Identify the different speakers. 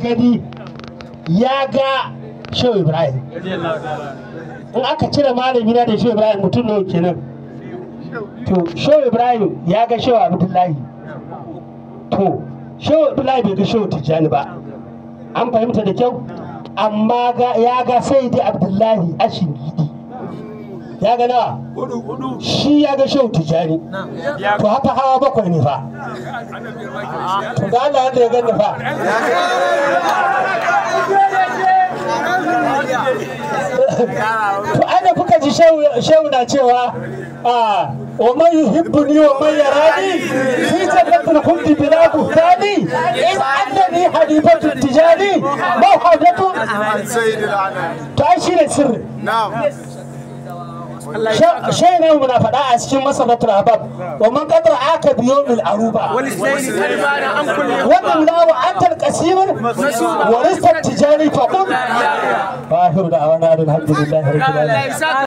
Speaker 1: gani ya ga shehu ibrahim in aka cire malami na da shehu ibrahim mutum ne kenan to shehu ibrahim ya ga shehu abdullahi to shehu abdullahi bai ga shehu tijjani ba an fahimta da kyau amma ya ga sai dai abdullahi ashin gidi ya ga shi ya ga shehu tijani to haka hawa bakwai ne fa to da Allah yadda ya gani fa to ana kuka ji shehu na cewa ومن يحبني ومن يراني في جنة الخلد بلا بهتاني إن أنني حبيبة التجاني موحدة سيد العناني تعيشين السر نعم shehu muna faɗa a cikin masanatul abab wa man qadra aka biyo mil aruba wannan lawa antal qasimir wa rizqat tijari faqul alhamdulillah rabbil alamin